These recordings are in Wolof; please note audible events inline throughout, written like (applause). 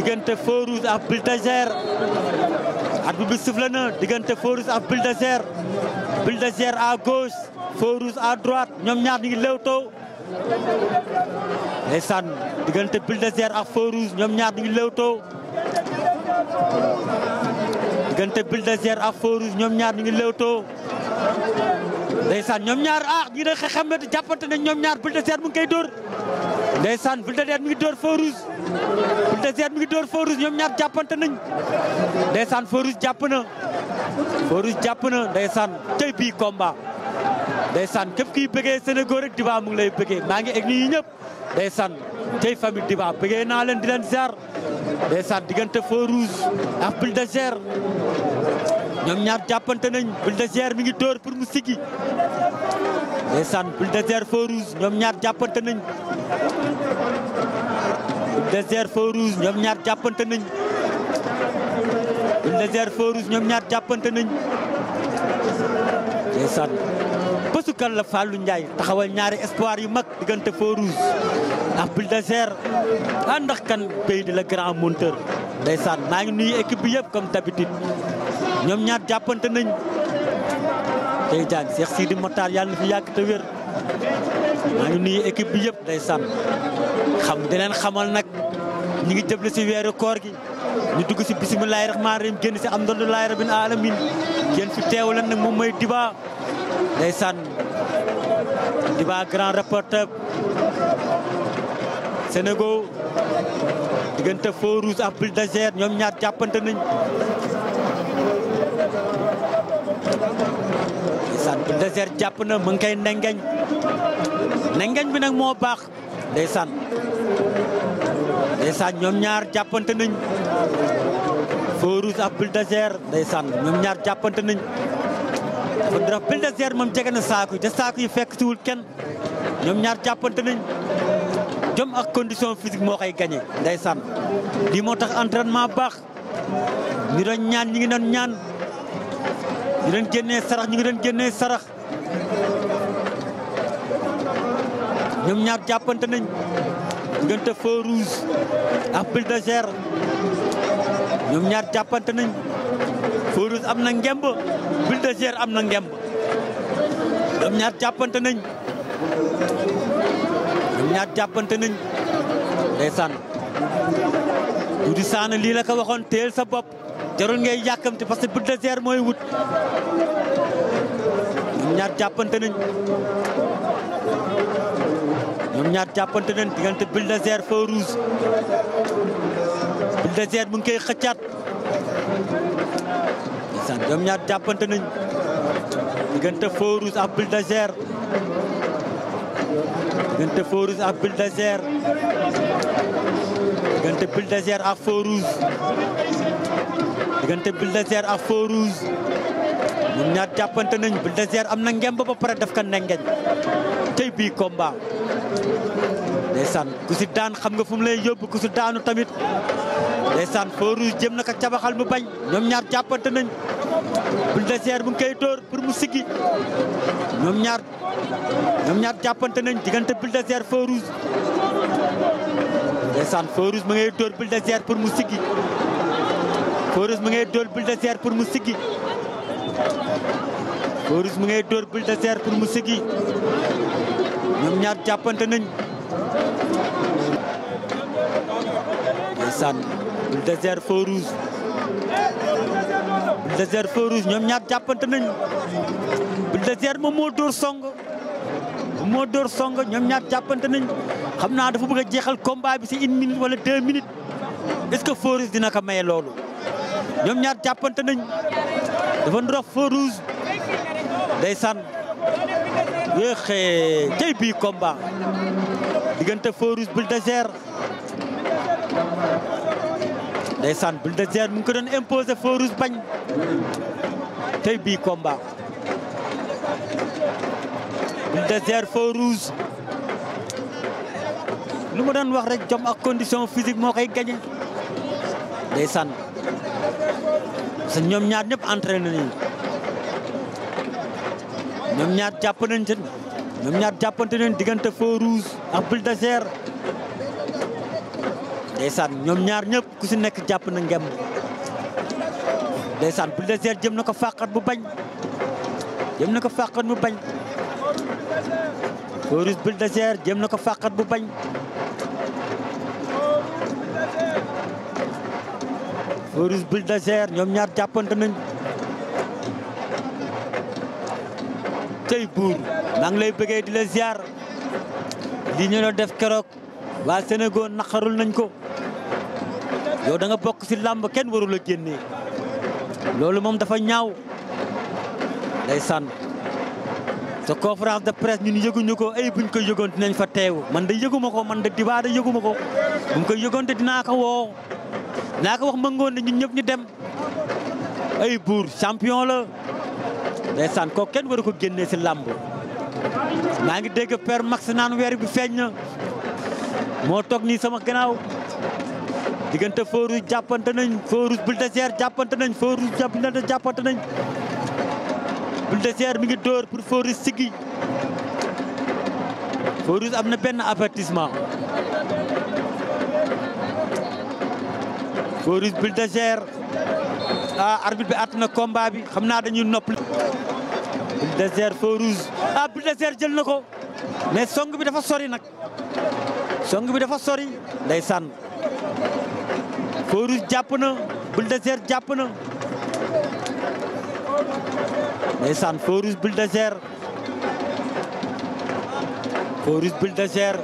diggante feu rouge ak bulldozer arbitre bi sifflé na diggante feu rouge ak bulldozer bulldozer à gauche feu rouge à droite ñoom ñaar ñu ngi lewtoo ndeysaan diggante bulldozer ak feu rouge ñoom ñaar ñu ngi lewtoo diggante bulldozer ak feu rouge ñoom ñaar ñu ngi lewtoo ndeysaan ñoom ñaar ah ñii de xam ne jàppante nañ ñoom ñaar Buldozer mu ngi koy dóor ndeysaan Buldozer mi ngi dóor feu rouge Buldozer mi ngi dóor feu rouge ñoom ñaar jàppante nañ ndeysaan feu rouge jàpp na feu rouge jàpp na ndeysaan tey bii combat ndeysaan képp kiy bëggee Sénégal rek Diba mu ngi lay bëggee maa ngi egg nii ñëpp ndeysaan tey famille Diba bëggee naa leen di leen ziar ndeysaan diggante feu rouge ak Buldozer ñoom ñaar jàppante nañ Bulldozer mi ngi dóor pour mu siggi ndeysaan Bulldozer feu rouge ñoom ñaar jàppante nañ Bulldozer fo rouge ñoom ñaar jàppante nañ Bulldozer feu rouge ñoom ñaar jàppante nañ ndeysaan bësukan la Fallou Ndiaye taxawal ñaari espoir yu mag diggante feu rouge ndax Bulldozer ah ndax kan pays de la grand monteur ndeysaan maa ngi nuyu équipe bi yëpp comme d'habitude ñoom ñaar jàppante nañ tey jaan Cheikh Sidi Mokhtar yàlla na fi yàgg te wér maa ngi nuyu équipe bi yëpp day sàmm xam di leen xamal nag ñu ngi jëble si weeru koor gi ñu dugg si bisimilahi rahmaan rahim génn si alhamdulilahi rabbil alamin génn fi teew lan na moom mooy Diba day sànn Diba grand rapporteur Sénégal diggante Feu Rouge ak Bulldozer ñoom ñaar jàppante nañ désert jàpp na mu ngi koy nengeñ bi nag moo baax ndeysaan ndeysaan ñoom ñaar jàppante nañ Feu Rouge ak Buldozer ndeysaan ñoom ñaar jàppante nañ dafa dara Buldozer moom jege na saako yi te saako yi fekk siwul kenn ñoom ñaar jàppante nañ jom ak condition physique moo koy gagné ndeysaan lii moo tax entraînement baax ñu doon ñaan ñi ngi doon ñaan ñu doon génnee sarax ñu ngi doon génnee sarax ñoom ñaar jàppante nañ diggante feu rouge ak bulldozer ñoom ñaar jàppante nañ feu am na ngemb bulldozer am na ngemb ñoom ñaar jàppante nañ ñoom ñaar jàppante nañ ndeysaan Doudou Sané lii la ko waxoon teel sa bopp jarul ngay yàkkamti parce que bulldozer mooy wut ñoom ñaar jàppante nañ ñoom ñaar jàppante nañ diggante Bulldozer feu rouge Bulldozer mu ngi koy xëccaat ndeysaan ñoom ñaar jàppante nañ diggante feu rouge ak Bulldozer diggante feu rouge ak Bulldozer diggante Bulldozer ak feu rouge diggante Bulldozer ak ñaar jàppante nañ Bulldozer am na ngemb ba pare def ka nengeñ tey bii combat ndeysaan ku daan xam nga fu mu lay yóbbu ku si daanu tamit ndeysaan feu rouge jëm na ko cabaxal mu bañ ñoom ñaar jàppante nañ bulldozer bu ngi koy dóor pour mu siggi ñoom ñaar ñoom ñaar jàppante nañ diggante bulldozer feu rouge ndeysaan feu rouge ma ngay dóor bulldozer pour mu siggi feu rouge ma ngay dóor bulldozer pour mu siggi feu rouge ma dóor bulldozer pour mu siggi ñoom ñaar jàppante nañ ndeysaan Bulldozer feu rouge Bulldozer feu rouge ñoom ñaar jàppante nañ Bulldozer moom moo dóor song moo dóor song ñoom ñaar jàppante nañ xam naa dafa bëgg a jeexal combat bi si une minute wala deux minutes est-ce que feu rouge dina ko maye loolu ñoom ñaar jàppante nañ dafa ndox feu rouge yéexee eh, tey bii combat diggante Feu day Buldozer ndeysaan Buldozer mu ngi ko doon imposer Feu Rouge bañ tey bii combat Buldozer Feu Rouge lu ma doon wax rek jom ak condition physique moo koy gañe day parce que ñoom ñaar ñëpp entraîné nañu ñoom ñaar jàpp nañ ci ñoom ñaar jàppante nañ diggante feu rouge ak bulldozer ndeysaan ñoom ñaar ñëpp ku si nekk jàpp na ngem ndeysaan bulldozer jëm na ko fàqat bu bañ jëm na ko fàqat mu bañ feu rouge bulldozer jëm na ko fàqat bu bañ feu rouge bulldozer ñoom ñaar jàppante nañ cey buur maa ngi lay bëggee di la ziar li ñu la def keroog waa Sénégal naqarul nañ ko yow da nga bokk si làmb kenn warul a génnee loolu moom dafa ñaaw day sànn sa conférence de presse ñun yëguñu ko ay buñ koy yëgoon nañ fa teew man da yëguma ko man da dibaada yëguma ko buñ koy yëgoon dinaa ko woo dinaa ko wax mëngoon ne ñun ñëpp dem ay buur champion la ndeysaan kooku kenn waru ko génnee si làmb maa ngi dégg père max naan weer bu feeñ na moo toog nii sama gannaaw diggante feu rouge jàppante nañ feu rouge bulldozer jàppante nañ feu rouge nañ bulldozer mi ngi dóor pour feu rouge siggi feu am na benn avertissement feu rouge bulldozer ah arbitre bi at na combat bi xam naa dañuy noppali. Bulldozer feu rouge ah Bulldozer jël na ko mais song bi dafa sori nag song bi dafa sori day sànn feu rouge jàpp na Bulldozer jàpp na day sànn feu rouge Bulldozer feu rouge Bulldozer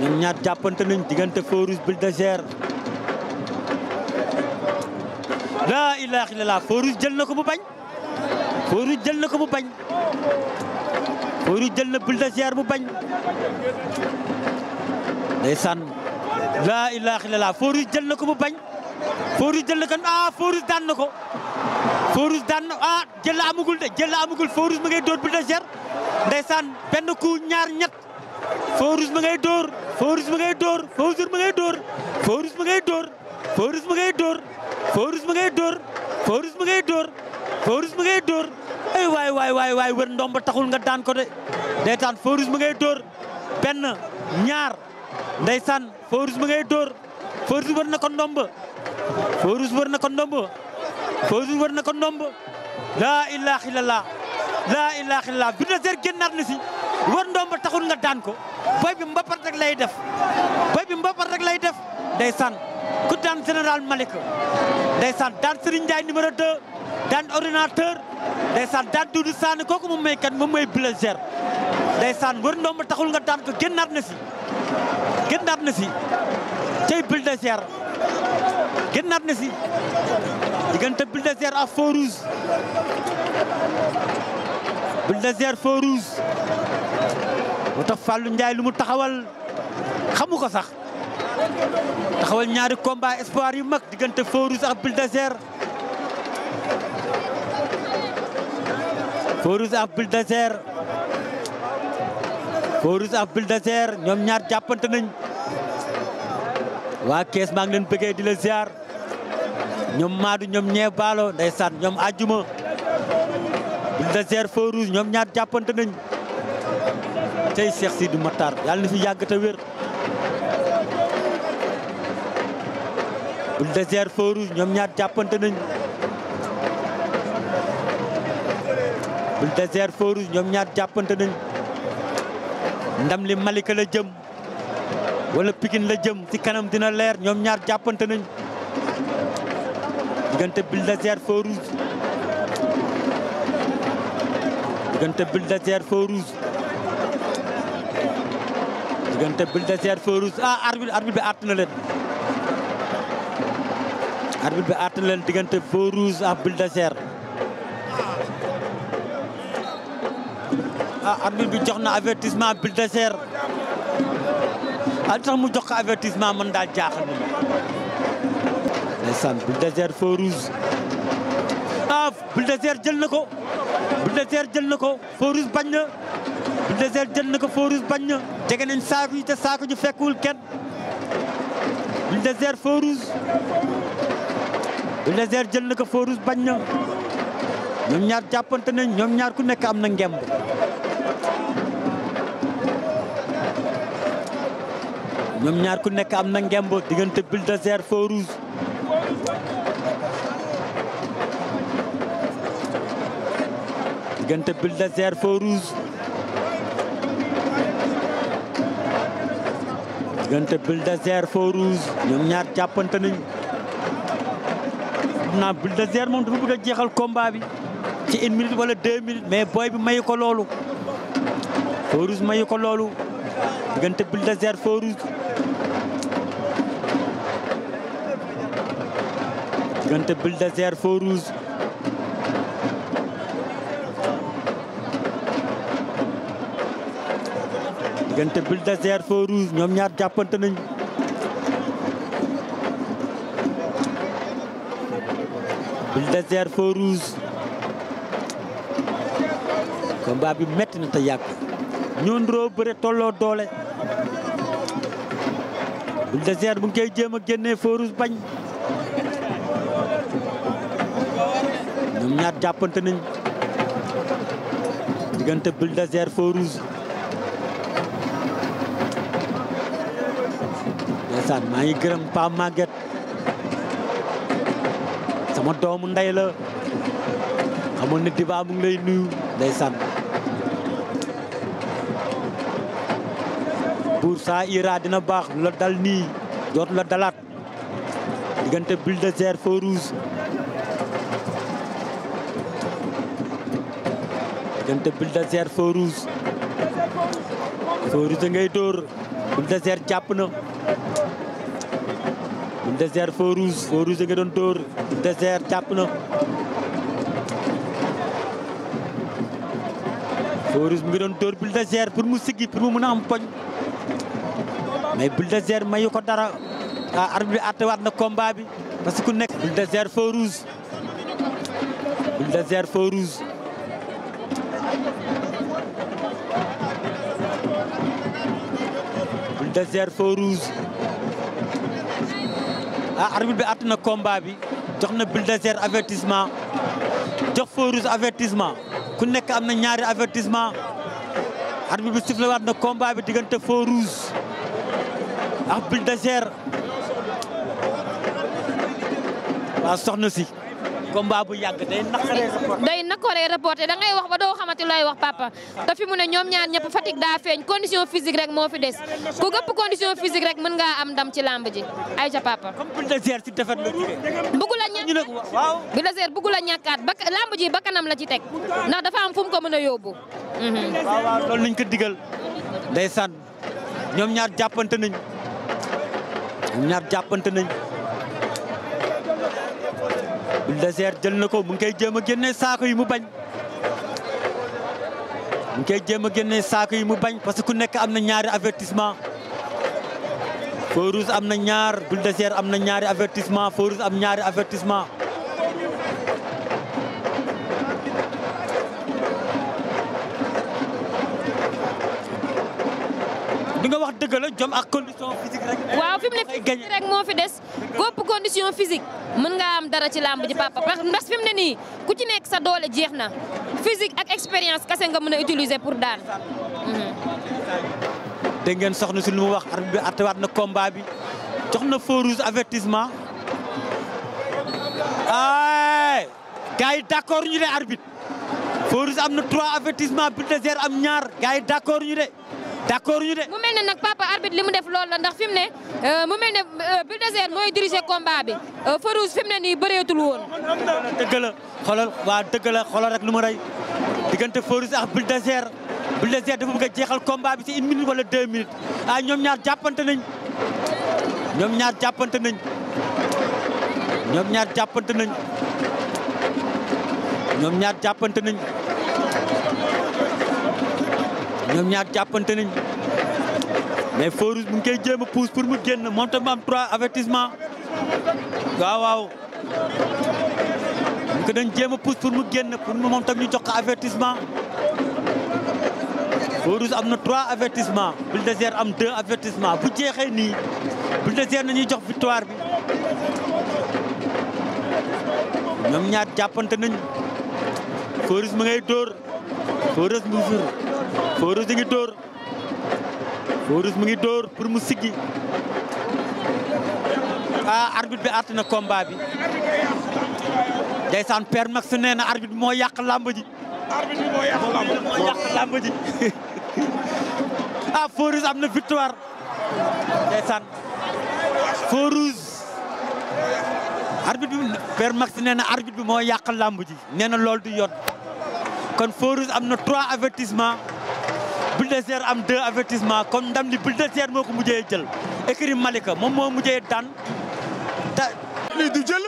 ñoom ñaar jàppante nañ diggante feu rouge Bulldozer laa ilaaha illallaah Fooruj jël na ko bu bañ Fooruj jël na ko mu bañ Fooruj jël na bu bañ ndeysaan laa ilaaha illallaah Fooruj jël na ko mu bañ Fooruj jël na ko ah Fooruj daan na ko Fooruj daan na ah jël la de jël la amagul Fooruj ma ngay dóor bulldozer ndeysaan benn ku ñaar ñett Fooruj ma ngay dóor Fooruj ma ngay dóor Fooruj ma ngay dóor Fawruz ma ngay dóor Fawruz ma ngay dóor Fawruz ma ngay dóor ay waay waay waay waay wër ndomba taxul nga daan ko de ndeysaan Fawruz ma ngay dóor benn ñaar ndeysaan Fawruz ma ngay dóor Fawruz wër na ko ndomba Fawruz wër na ko ndomba Fawruz wër na ko ndomba laa ilaaha illallah laa ilaaha illallah Bulldozer génnaat na si wër ndomba taxul nga daan ko boy bi mbapat rek lay def boy bi mbapat rek lay def day san ku daan général Malick day san daan Serigne Ndiaye numéro 2 daan ordinateur day san daan Doudou Sane kooku moom may kat moom may blazer day san wër ndoom taxul nga daan ko génnaat na si génnaat na fi cey bulldozer génnaat na fi diggante bulldozer ak feu rouge bulldozer feu rouge moo tax Fallou Ndiaye lu mu taxawal xamu ko sax taxawal ñaari combat espoir yu mag diggante Fawrous ak Bulldozer Fawrous ak Bulldozer Fawrous ak Bulldozer ñoom ñaar jàppante nañ waa kees maa ngi leen bëggee di la ziar ñoom Maadou ñoom ñee balo ndeysaan ñoom ajuma Bulldozer Fawrous ñoom ñaar jàppante nañ tey Cheikh Sidou Matar yàlla na fi yàgg te wér Boule Désert Feu Rouge ñoom ñaar jàppante nañu. Boule Désert Feu Rouge ñoom ñaar ndam li Malika la jëm wala Pikine la jëm ci kanam dina leer ñoom ñaar jàppante nañ diggante Boule Désert Feu Rouge diggante Boule Désert Feu Rouge diggante ah, Boule Désert bi àtt na leen. arbitre bi àtt leen diggante feu rouge ak Bulldozer ah arbitre bi jox na avertissement Bulldozer ah tax mu jox ko avertissement man daal jaaxal na ndeysaan Bulldozer feu rouge ah Bulldozer jël na ko Bulldozer jël na ko feu rouge bañ na Bulldozer jël na ko feu rouge bañ na jege nañ saako yi te saako ñu fekkuwul kenn Bulldozer feu rouge Bulldozer jël na ko Feu bañ na ñoom ñaar jàppante nañ ñoom ñaar ku nekk am na ngemb ñoom ñaar ku nekk am na ngemb diggante Bulldozer Feu Rouge diggante Bulldozer Feu Rouge diggante Bulldozer Feu Rouge ñoom ñaar jàppante nañu xam naa Bulldozer moom dafa bëgg a jeexal combat bi ci une minute wala deux minutes mais booy bi may ko loolu Feu-Rouge mayu ko loolu diggante Bulldozer Feu-Rouge diggante Bulldozer Feu-Rouge diggante Bulldozer feu ñoom ñaar jàppante nañu Bull Désert feu rouge combat bi metti na te yàgg ñoo bëre tolloo doole Bull Désert bu ngi koy jéem a génnee feu bañ ñoom ñaar jàppante nañ diggante Bull Désert feu rouge ndeysaan maa ngi gërëm Pa Maguette sama doomu ndey la xamal ne Diba mu lay nuyu ndeysaan pour saa ira baax lu la dal nii dootu la dalaat diggante Bulldozer feu rouge diggante Bulldozer feu rouge feu ngay dóor Bulldozer jàpp na Lune de Geer feu rouge feu rouge da nga doon dóor Lune de Geer jàpp na feu rouge mu doon dóor pour mu siggi pour mu mën a am poñ mais Lune de mayu ko dara ah arbitre na combat bi parce que ku nekk Lune de Geer feu rouge Lune de Geer ah arbitre bi àtt na combat bi jox na Bulldozer avertissement jox feu rouge avertissement ku nekk am na ñaari avertissement arbitre bi sifflé waat na combat bi diggante feu rouge ak Bulldozer waa soxna si combat bu yàgg day naqaree reporté. day naqaree reporté da wax ba doo xamante looy wax papa te fi mu ne ñoom ñaar ñëpp Fatick daa feeñ condition physique rek moo fi des ku gëpp condition physique rek mën ngaa am dam ci làmb ji ay ca papa. comme bulldozer ci defet la jógee. bëggu la ñàkk waaw. bulldozer bëggu la ñàkkaat ba làmb ji ba kanam la ci teg ndax dafa am fu ko mën a yóbbu. Mhm. waaw waaw loolu lañ ko digal. ndeysaan ñoom ñaar jàppante nañ ñoom ñaar jàppante nañ. Bulldozer jël na ko mu ngi koy jéem a génne saako yi mu bañ koy jéem a génne saako yi mu bañ parce que ku nekk am na ñaari avertissement Feu am na ñaar Bulldozer am na ñaari avertissement Feu am ñaari avertissement li nga wax dëgg la jom ak condition physique rek. waaw fi mu ne physique rek moo fi des. képp condition physique mën nga am dara ci làmb ji papa ndax fi mu ne nii ku ci nekk sa doole jeex na physique ak expérience kese nga mën a utiliser pour daan. Mhm. dégg ngeen soxna si lu wax arbitre bi artewaat na combat bi jox na feu rouge avertissement. ay gars yi d'accord ñu ne arbitre feu am na trois avertissement bulldozer am ñaar gars yi ñu de. d'accord ñu de. mu mel ne nag papa arbitre li mu def loolu la ndax fi mu ne euh, mu mel ne euh, Bulldozer mooy diriger combat bi euh, Farouz fi ne nii bëreetul woon. dëgg la xoolal waa dëgg la rek lu ma rey diggante Farouz ak Bulldozer Bulldozer dafa bëgg a jeexal combat bi ci une minute wala deux minutes ah ñoom ñaar jàppante nañ ñoom ñaar jàppante nañ ñoom ñaar jàppante nañ ñoom ñaar jàppante nañ. ñoom ñaar jàppante nañ mais Feu mu ngi koy jéem a pousse pour mu génn moom tamit am trois avertissement waaw waaw mu ko dañ jéem a pousse pour mu génn pour moom tam ñu jox ko avertissement Feu am na trois avertissement Bulldozer am deux avertissement bu jeexee nii na ñuy jox victoire bi ñoom ñaar jàppante nañ Feu mu ngay dóor Feu Rouge mu ngi Feu Rouge ngi dóor Feu mu ngi dóor pour mu siggi ah arbitre bi àtt na combat bi ndeysaan Père Max nee na arbitre bi moo yàq làmb ji. arbitre bi (laughs) ah, am na victoire ndeysaan Feu Rouge arbitre bi Père Max nee na arbitre bi moo yàq làmb ji nee na loolu du yoon kon Feu am na trois avertissement Bulldozer am deux avertissement kon ndam li Bulldozer moo ko mujjee jël écurie Malika moom moo mujjee daan ta lii du jël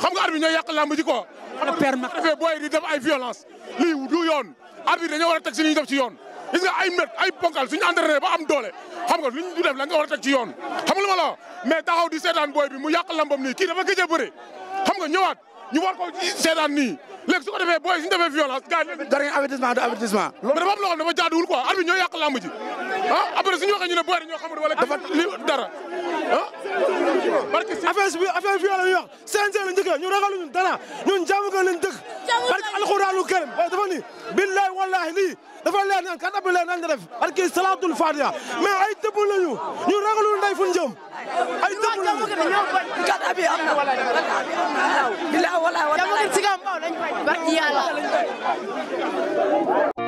xam nga arbitre ñoo yàq làmb ji ko xam nga defee booy di def ay violence lii du yoon arbitre dañoo war a teg si li ñu def ci yoon gis nga ay met ay ponkal suñu entraîné ba am doole xam nga luñ du def la war a teg ci yoon xam nga lu ma la mais taxaw di seetaan booy bi mu yàq lambam nii kii dafa gëj a bëre xam nga ñëwaat ñu war ko seetaan nii léegi su ko defee booy suñu defee violence gars yi. dara ngeen avertissement du avertissement. loolu mais dafa am loo xam ne dafa ah après suñu waxee ñu ne boy ñoo xamul dafa li dara ah. parce que affaire bi affaire bi la la njëkk ñu ragalu ñun dara ñun jaamu ko leen dëkk. jaamu ko leen alxuraanul karim dafa ni ay dëbb lañu ñu ragalu nday fu ñu jëm ay wallahi wallahi jaamu ko ci gam baw lañ bañ barki yàlla